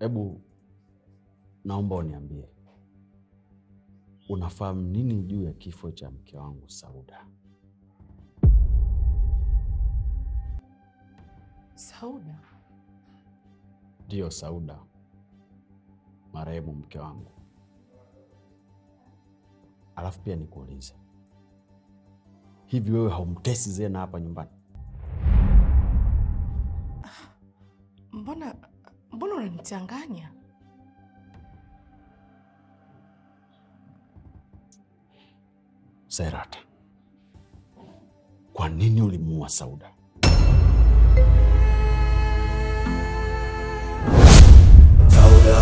hebu naomba uniambie, unafahamu nini juu ya kifo cha mke wangu Sauda? Sauda? Ndiyo, Sauda, marehemu mke wangu. Alafu pia nikuulize, hivi wewe haumtesi Zena hapa nyumbani? Ah, mbona Umemchanganya? Serata, kwa nini ulimuua Sauda? Sauda,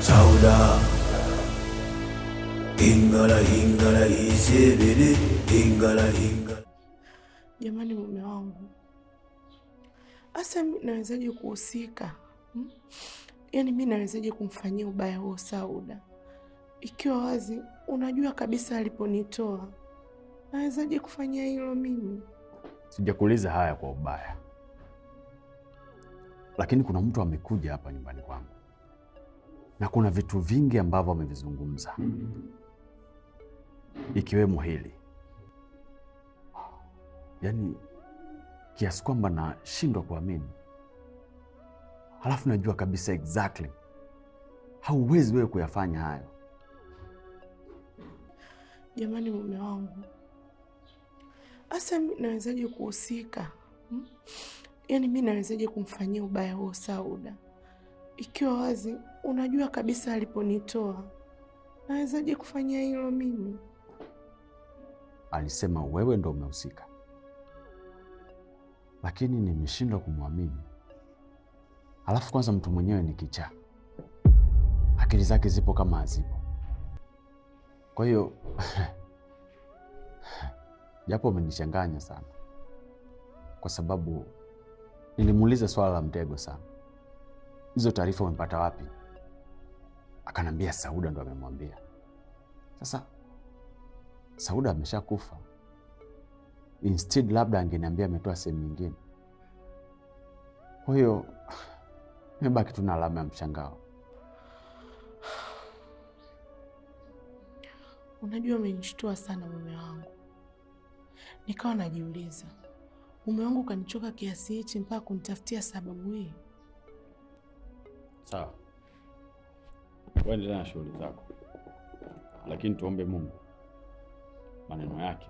Sauda ingala ingala isebele ingala ingala. Jamani, mume wangu Hasa mi nawezaje kuhusika hmm? Yaani mi nawezaje kumfanyia ubaya huo Sauda, ikiwa wazi unajua kabisa aliponitoa. Nawezaje kufanyia hilo mimi? Sijakuuliza haya kwa ubaya, lakini kuna mtu amekuja hapa nyumbani kwangu na kuna vitu vingi ambavyo amevizungumza ikiwemo hili, yaani kiasi kwamba nashindwa kuamini. Halafu najua kabisa exactly hauwezi wewe kuyafanya hayo. Jamani, mume wangu, hasa mi nawezaje kuhusika hmm? Yaani mi nawezaje kumfanyia ubaya huo Sauda, ikiwa wazi unajua kabisa aliponitoa, nawezaje kufanyia hilo mimi? Alisema wewe ndo umehusika lakini nimeshindwa kumwamini. Alafu kwanza mtu mwenyewe ni kichaa, akili zake zipo kama hazipo. Kwa hiyo japo amenichanganya sana, kwa sababu nilimuuliza swala la mtego sana, hizo taarifa umepata wapi? Akanambia Sauda ndo amemwambia. Sasa Sauda ameshakufa, instead labda angeniambia ametoa sehemu nyingine. Kwa hiyo nimebaki tuna alama ya mshangao. Unajua, umenishtua sana mume wangu, nikawa najiuliza mume wangu kanichoka kiasi hichi mpaka kunitafutia sababu hii. Sawa, waendelea na shughuli zako, lakini tuombe Mungu maneno yake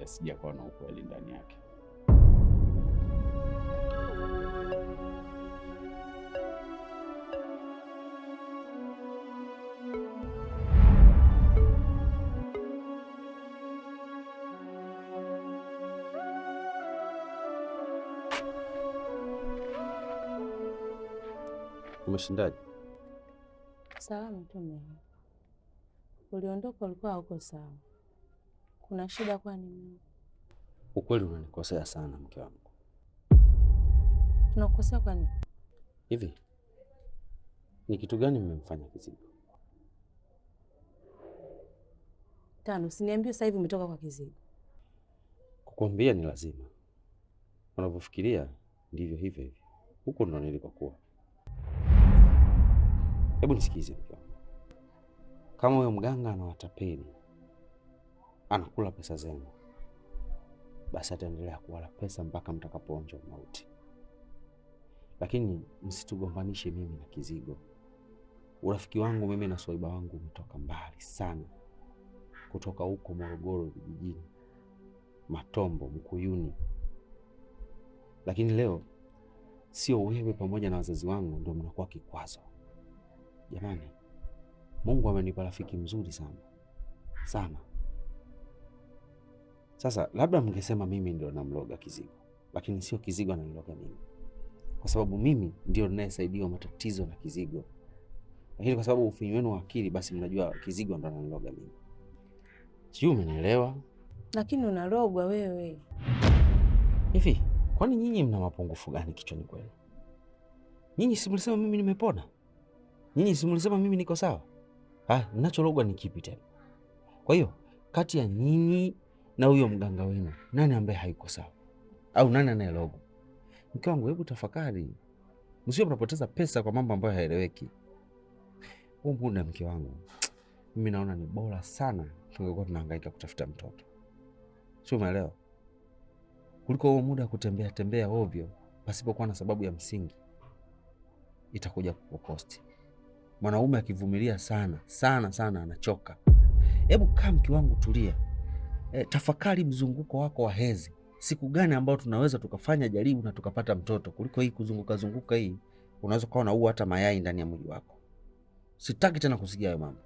yasijakuwa na ukweli ndani yake. Umeshindaje? Salama tu. Uliondoka ulikuwa hauko sawa. Kuna shida kwani? Ukweli unanikosea sana mke wangu. Tunakukosea kwani? Hivi ni kitu gani mmemfanya kizigo Tano, usiniambie sasa hivi umetoka kwa kizigo Kukwambia ni lazima, unavyofikiria ndivyo hivyo hivyo, huko ndo nilikokuwa. Hebu nisikize mke wangu, kama huyo mganga anawatapeni anakula pesa zenu, basi ataendelea kuwala pesa mpaka mtakapoonja mauti. Lakini msitugombanishe mimi na Kizigo. Urafiki wangu mimi na Swaiba wangu umetoka mbali sana, kutoka huko Morogoro vijijini, Matombo, Mkuyuni. Lakini leo sio wewe pamoja na wazazi wangu ndio mnakuwa kikwazo. Jamani, Mungu amenipa rafiki mzuri sana sana sasa labda mngesema mimi ndio namloga Kizigo, lakini sio Kizigo ananiloga mimi, kwa sababu mimi ndio ninayesaidiwa matatizo na Kizigo, lakini kwa sababu ufinyu wenu wa akili, basi mnajua Kizigo ndo ananiloga mimi. Sijui umenielewa? Lakini unalogwa wewe. Hivi kwani nyinyi mna mapungufu gani kichwani kwenu? Nyinyi simlisema mimi nimepona? Nyinyi simlisema mimi niko sawa? Ah, ninachologwa ni kipi tena? Kwa hiyo kati ya nyinyi na huyo mganga wenu, nani ambaye haiko sawa au nani anayelogwa? Mke wangu, hebu tafakari, msio mnapoteza pesa kwa mambo ambayo haeleweki. Huu muda mke wangu, mimi naona ni bora sana tungekuwa tunahangaika kutafuta mtoto, si umeelewa, kuliko huo muda wa kutembea tembea ovyo pasipokuwa na sababu ya msingi, itakuja kukukosti. Mwanaume akivumilia sana sana sana anachoka. Hebu kaa mke wangu, tulia e, tafakari mzunguko wako wa hezi, siku gani ambao tunaweza tukafanya jaribu na tukapata mtoto, kuliko hii kuzunguka zunguka hii. Unaweza ukawa unaua hata mayai ndani ya mwili wako. Sitaki tena kusikia hayo mambo.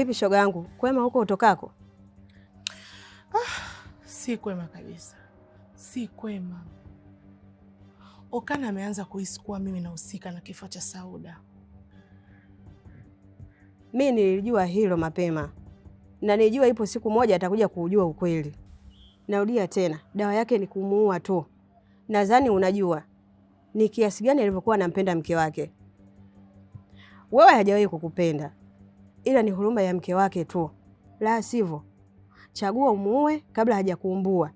Vipi shoga yangu, kwema huko utokako? Ah, si kwema kabisa, si kwema. Okana ameanza kuhisi kuwa mimi nahusika na kifo cha Sauda. Mi nilijua hilo mapema na nilijua ipo siku moja atakuja kuujua ukweli. Narudia tena, dawa yake ni kumuua tu. Nadhani unajua ni kiasi gani alivyokuwa anampenda mke wake. Wewe hajawahi kukupenda ila ni huruma ya mke wake tu, la sivyo chagua umuue kabla hajakuumbua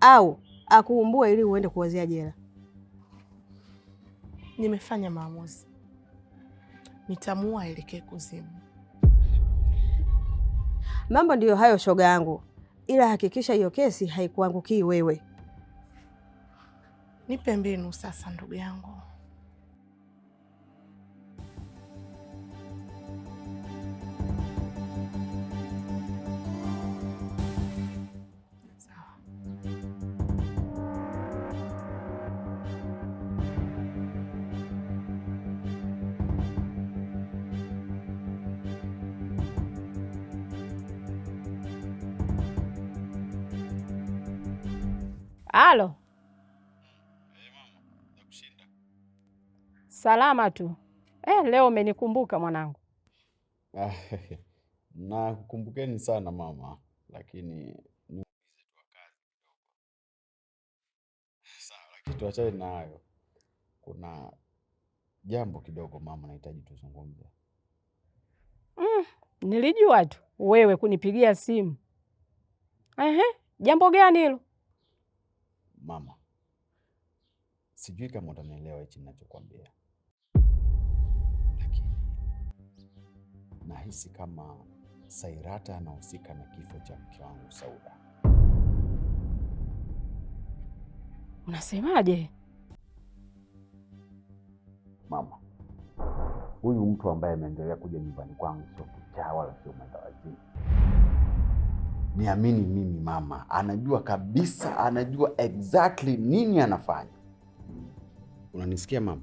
au akuumbue ili uende kuwazia jela. Nimefanya maamuzi, nitamuua aelekee kuzimu. Mambo ndiyo hayo, shoga yangu, ila hakikisha hiyo kesi haikuangukii wewe. Nipe mbinu sasa, ndugu yangu. Halo. Hey mama, nakushinda. Salama tu. Eh, leo umenikumbuka mwanangu. Nakukumbukeni sana mama, lakini tuachane na hayo. Kuna jambo kidogo mama, nahitaji tuzungumze. Mm, nilijua tu wewe kunipigia simu. Ehe, jambo gani hilo? Mama, sijui kama utanielewa hichi ninachokwambia, lakini nahisi kama Sairata anahusika na kifo cha mke wangu Sauda. Unasemaje? Mama, huyu mtu ambaye ameendelea kuja nyumbani kwangu sio kichaa wala sio mwendawazimu niamini mimi, mama anajua kabisa, anajua exactly nini anafanya. Unanisikia mama?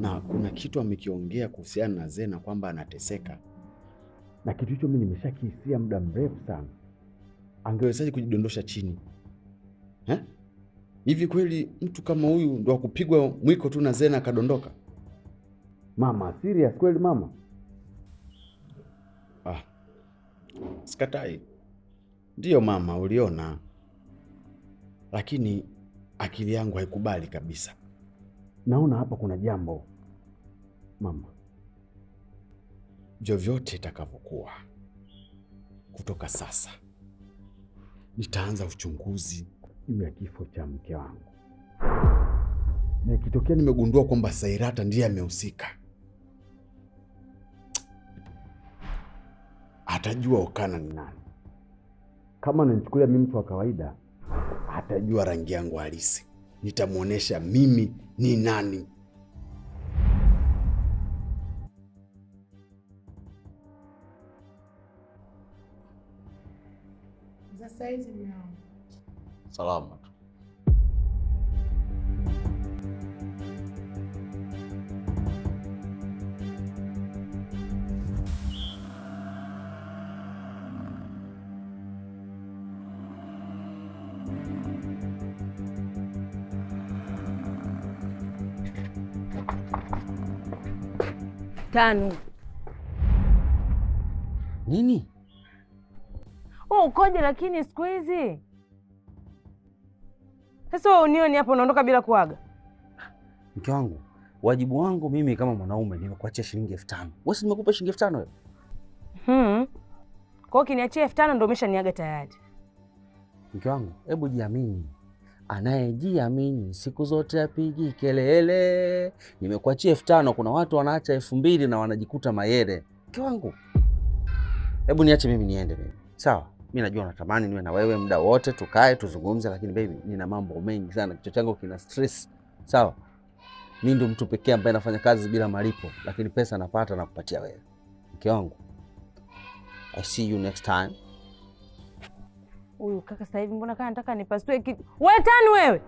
Na kuna kitu amekiongea kuhusiana na Zena kwamba anateseka, na kitu hicho mimi nimeshakihisia muda mrefu sana. Angewezaje kujidondosha chini He? Eh? Hivi kweli mtu kama huyu ndo akupigwa mwiko tu na Zena akadondoka? Mama serious kweli mama? Sikatai. Ndiyo mama, uliona, lakini akili yangu haikubali kabisa. Naona hapa kuna jambo mama. Vyovyote itakavyokuwa, kutoka sasa nitaanza uchunguzi juu ya kifo cha mke wangu, na ikitokea nimegundua kwamba Sairata ndiye amehusika atajua Okana ni nani. Kama nanichukulia mimi mtu wa kawaida, atajua rangi yangu halisi. Nitamwonyesha mimi ni nani. Salama. tano. Nini? Oh, ukoje lakini siku hizi sasa unioni hapo unaondoka bila kuaga? Mke wangu, wajibu wangu mimi kama mwanaume nimekuachia shilingi elfu tano. Wewe si nimekupa shilingi elfu tano wewe? Hmm. Kwa hiyo kiniachia elfu tano ndio umeshaniaga tayari. Mke wangu, hebu jiamini. Anayejiamini siku zote apigi kelele. Nimekuachia elfu tano. Kuna watu wanaacha elfu mbili na wanajikuta mayere. Mke wangu, hebu niache mimi niende mimi. Sawa, mi najua natamani niwe na wewe muda wote, tukae tuzungumze, lakini baby, nina mambo mengi sana, kichwa changu kina stress. Sawa, mi ndio mtu pekee ambaye nafanya kazi bila malipo, lakini pesa napata na kupatia wewe. Mke wangu, I see you next time. Huyu kaka sasa hivi mbona kana nataka nipasue kitu. Wewe tani wewe.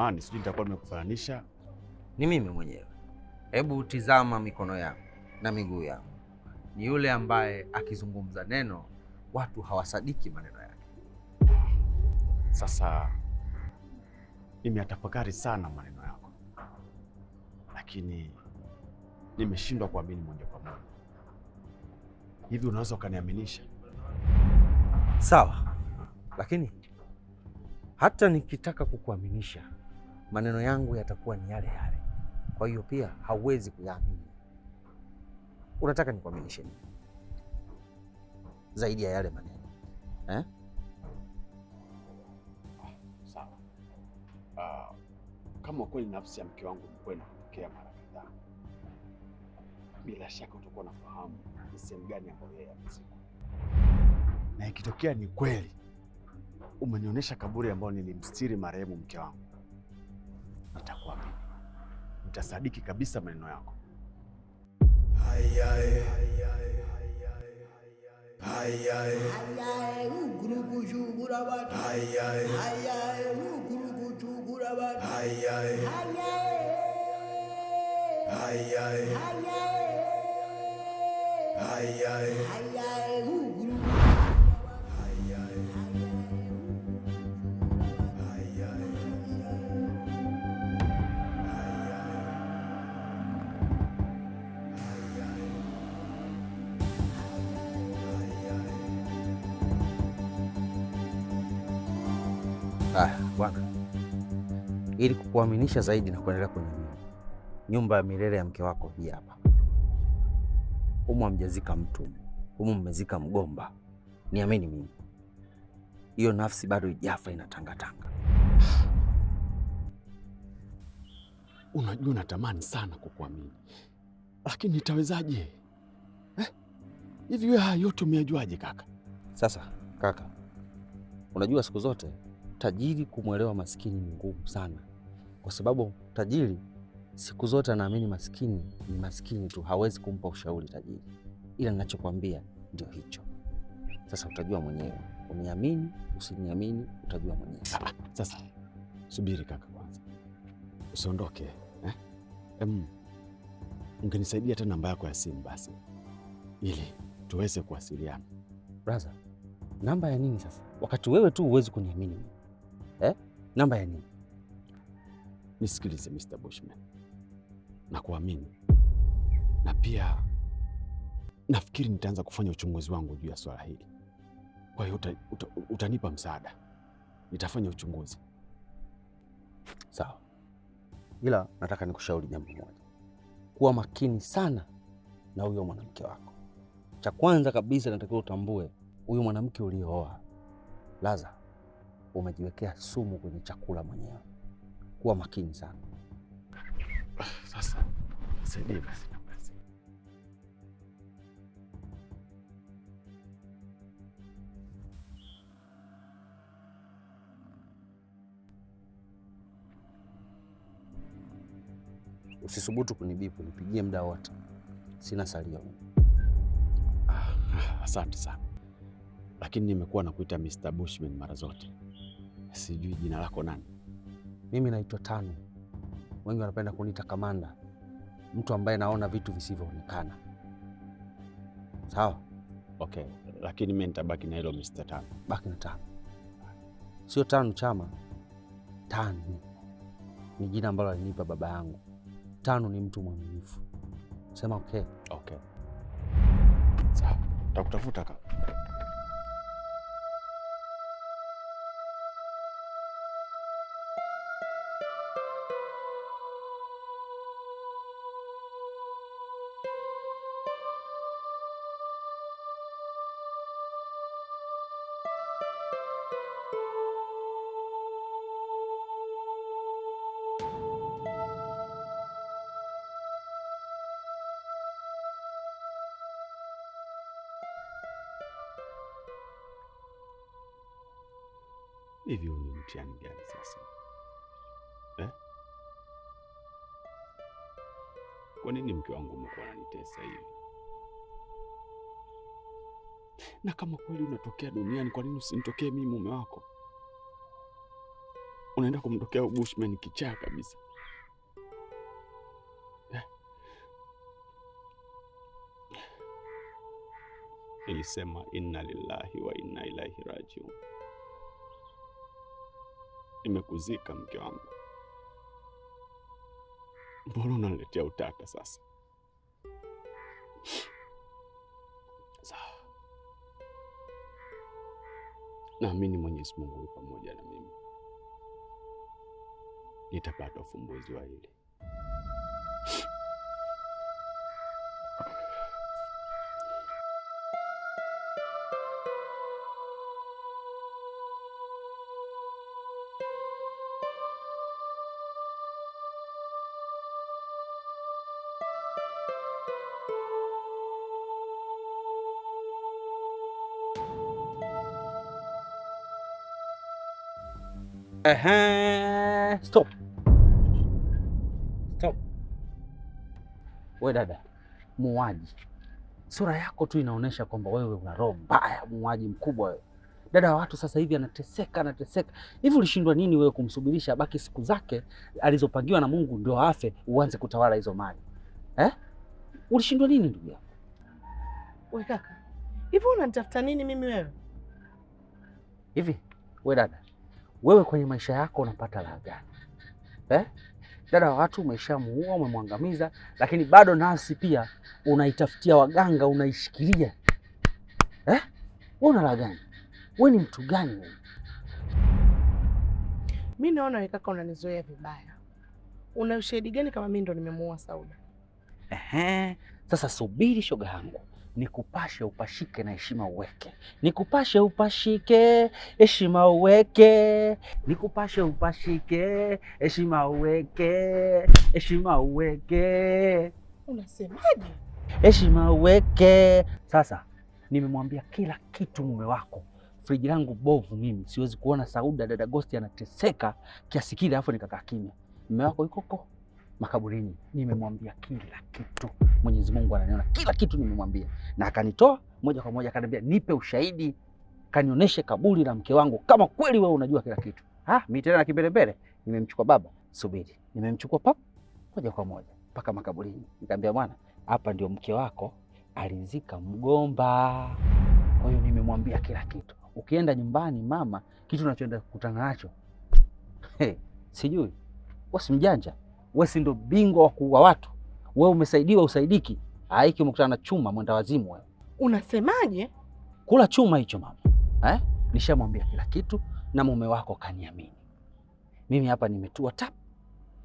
zamani, sijui nitakuwa nimekufananisha. Ni mimi mwenyewe. Hebu tizama mikono yangu na miguu yangu. Ni yule ambaye akizungumza neno watu hawasadiki maneno yake. Sasa nimeyatafakari sana maneno yako, lakini nimeshindwa kuamini moja kwa moja. Hivi unaweza ukaniaminisha? Sawa, lakini hata nikitaka kukuaminisha maneno yangu yatakuwa ni yale yale, kwa hiyo pia hauwezi kuyaamini. Unataka nikuaminishe nini zaidi ya yale maneno eh? Sawa. Uh, kama kweli nafsi ya mke wangu mkwe na kutokea mara kadhaa, bila shaka utakuwa unafahamu ni sehemu gani ambayo yeye amezikwa, na ikitokea ni kweli umenionyesha kaburi ambayo nilimstiri marehemu mke wangu nitakuamini, nitasadiki kabisa maneno yako. Ili kukuaminisha zaidi na kuendelea kuniamini, nyumba ya milele ya mke wako hii hapa. Humu hamjazika mtu, humu mmezika mgomba. Niamini mimi, hiyo nafsi bado ijafa, inatangatanga. Unajua, natamani sana kukuamini, lakini nitawezaje eh? hivi eh? haya yote umeyajuaje kaka? Sasa kaka, unajua siku zote tajiri kumwelewa maskini ni ngumu sana kwa sababu tajiri siku zote anaamini maskini ni maskini tu, hawezi kumpa ushauri tajiri, ila ninachokwambia ndio hicho. Sasa utajua mwenyewe, uniamini usiniamini, utajua mwenyewe. Sasa, subiri kaka, kwanza usiondoke eh? Em, ungenisaidia tena namba yako ya simu basi, ili tuweze kuwasiliana. Brother, namba ya nini sasa, wakati wewe tu huwezi kuniamini eh? namba ya nini? Nisikilize Mr. Bushman, na kuamini na pia nafikiri nitaanza kufanya uchunguzi wangu juu ya swala hili. Kwa hiyo uta, uta, utanipa msaada, nitafanya uchunguzi sawa. Ila nataka nikushauri jambo moja, kuwa makini sana na huyo mwanamke wako. Cha kwanza kabisa natakiwa utambue huyu mwanamke uliooa Laza, umejiwekea sumu kwenye chakula mwenyewe kuwa makini sana. Sasa saidia basi. Usisubutu kunibipu, nipigie muda wote, sina salio. Ah, ah asante sana, lakini nimekuwa nakuita Mr. Bushman mara zote, sijui jina lako nani? Mimi naitwa Tanu, wengi wanapenda kuniita kamanda, mtu ambaye naona vitu visivyoonekana. Sawa? Okay, lakini mimi nitabaki na hilo Mr. Tanu. Baki na Tanu, sio Tanu Chama. Tanu ni jina ambalo alinipa baba yangu. Tanu ni mtu mwaminifu. Sema okay. Okay. Sawa, takutafuta kaka. Hivi ni mtihani gani sasa eh? Kwa nini mke wangu umekuwa ananitesa hivi? na kama kweli unatokea duniani, kwa nini usimtokee mimi mume wako? Unaenda kumtokea Bushman kichaa kabisa ilisema Nilisema inna lillahi wa inna ilaihi rajiun. Nimekuzika mke wangu, mbona unaletea utata sasa? Naamini Mwenyezi Mungu yupo pamoja na mimi, nitapata ufumbuzi wa hili. -huh. stop. Stop. We dada muaji sura yako tu inaonyesha kwamba wewe una roho mbaya, muuaji mkubwa wewe. Dada wa watu sasa hivi anateseka, anateseka hivi. Ulishindwa nini wewe kumsubirisha baki siku zake alizopangiwa na Mungu ndio afe, uanze kutawala hizo mali eh? Ulishindwa nini ndugu yangu? Wewe kaka, hivi unanitafuta nini mimi wewe? Hivi wewe dada wewe kwenye maisha yako unapata raha gani eh? Dada wa watu umeshamuua, umemwangamiza, lakini bado nasi pia unaitafutia waganga, unaishikilia eh? una raha gani? Wewe ni mtu gani wewe? Mi naona wewe kaka unanizoea vibaya. Una ushahidi gani kama mi ndo nimemuua Sauda? Ehe, sasa subiri shoga yangu Nikupashe upashike na heshima uweke, nikupashe upashike, heshima uweke, nikupashe upashike, heshima uweke, heshima uweke. Unasemaje? heshima uweke. Sasa nimemwambia kila kitu mume wako. Friji langu bovu, mimi siwezi kuona Sauda dada Ghost anateseka kiasi kile, alafu nikakaa kimya. Mume wako yuko huko makaburini, nimemwambia kila kitu. Mwenyezi Mungu ananiona, kila kitu nimemwambia, na akanitoa moja kwa moja, akaniambia nipe ushahidi, kanionyeshe kaburi la mke wangu kama kweli wewe unajua kila kitu. Ha, mi tena na kimbelembele, nimemchukua baba, subiri, nimemchukua pap moja kwa moja mpaka makaburini, nikamwambia bwana, hapa ndio mke wako alizika mgomba. Kwa hiyo nimemwambia kila kitu. Ukienda nyumbani mama, kitu unachoenda kukutana nacho hey, sijui wasi mjanja we si ndo bingwa wa kuua watu? We umesaidiwa usaidiki? Aiki umekutana na chuma mwenda wazimu wewe. Unasemaje? Kula chuma hicho mama eh? Nishamwambia kila kitu na mume wako kaniamini mimi. Hapa nimetua tap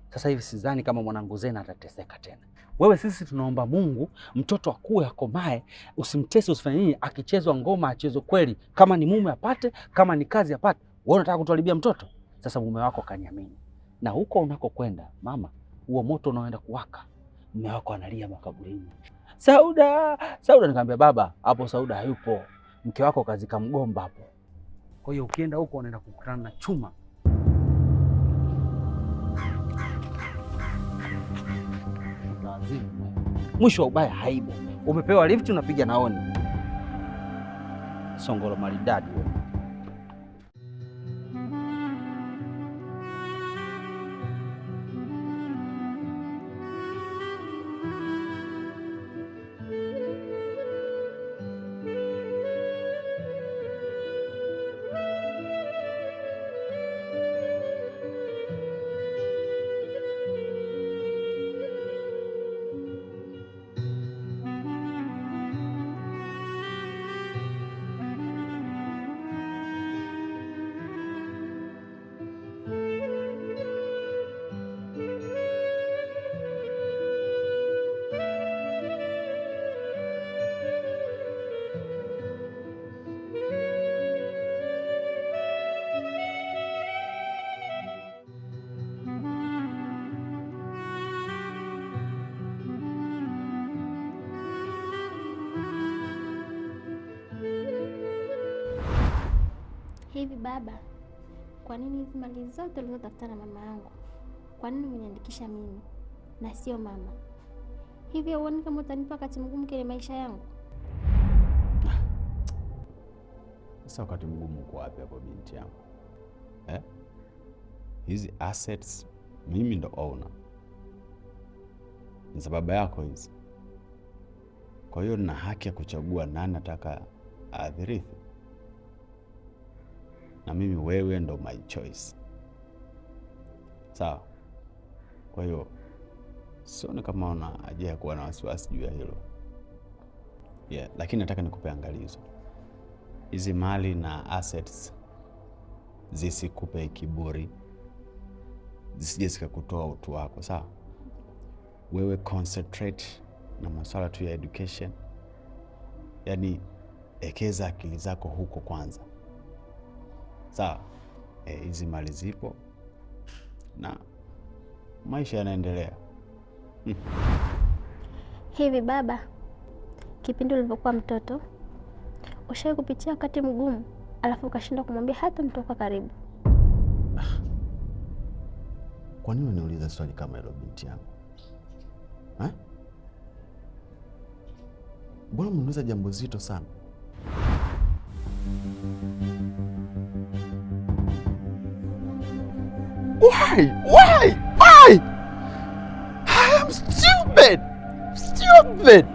sasa hivi, sidhani kama mwanangu Zena atateseka tena. Wewe sisi tunaomba Mungu mtoto akuwe akomae, usimtese usifanye nini. Akichezwa ngoma achezwe kweli, kama ni mume apate, kama ni kazi apate. Wewe unataka kutuharibia mtoto? Sasa mume wako kaniamini na huko unakokwenda mama, huo moto unaoenda kuwaka, mume wako analia makaburini, Sauda, Sauda. Nikamwambia baba, hapo Sauda hayupo, mke wako kazika mgomba hapo. Kwa hiyo ukienda huko unaenda kukutana na chuma. Mwisho wa ubaya haibu. Umepewa lifti unapiga naoni, songolo maridadi wewe. hivi baba, kwa nini hizi mali zote ulizotafuta na mama yangu, kwa nini umeniandikisha mimi na sio mama? Hivi hauoni kama utanipa wakati mgumu kwenye maisha yangu? Sasa wakati mgumu uko wapi hapo binti yangu eh? Hizi assets mimi ndo owner, ni za baba yako hizi. Kwa hiyo nina haki ya kuchagua nani nataka adhirithi na mimi wewe ndo my choice, sawa? Kwa hiyo sioni kama una haja ya kuwa na wasiwasi juu ya hilo yeah. Lakini nataka nikupe angalizo, hizi mali na assets zisikupe kiburi, zisije zikakutoa utu wako, sawa? Wewe concentrate na masuala tu ya education, yaani ekeza akili zako huko kwanza sawa. E, hizi e, mali zipo na maisha yanaendelea. Hmm. Hivi baba, kipindi ulivyokuwa mtoto ushawahi kupitia wakati mgumu alafu ukashindwa kumwambia hata mtu wako karibu? Ah, kwa nini unauliza swali kama hilo binti yangu? Eh? Mbona mnauliza jambo zito sana? Why? Why? Why? I'm stupid! Stupid!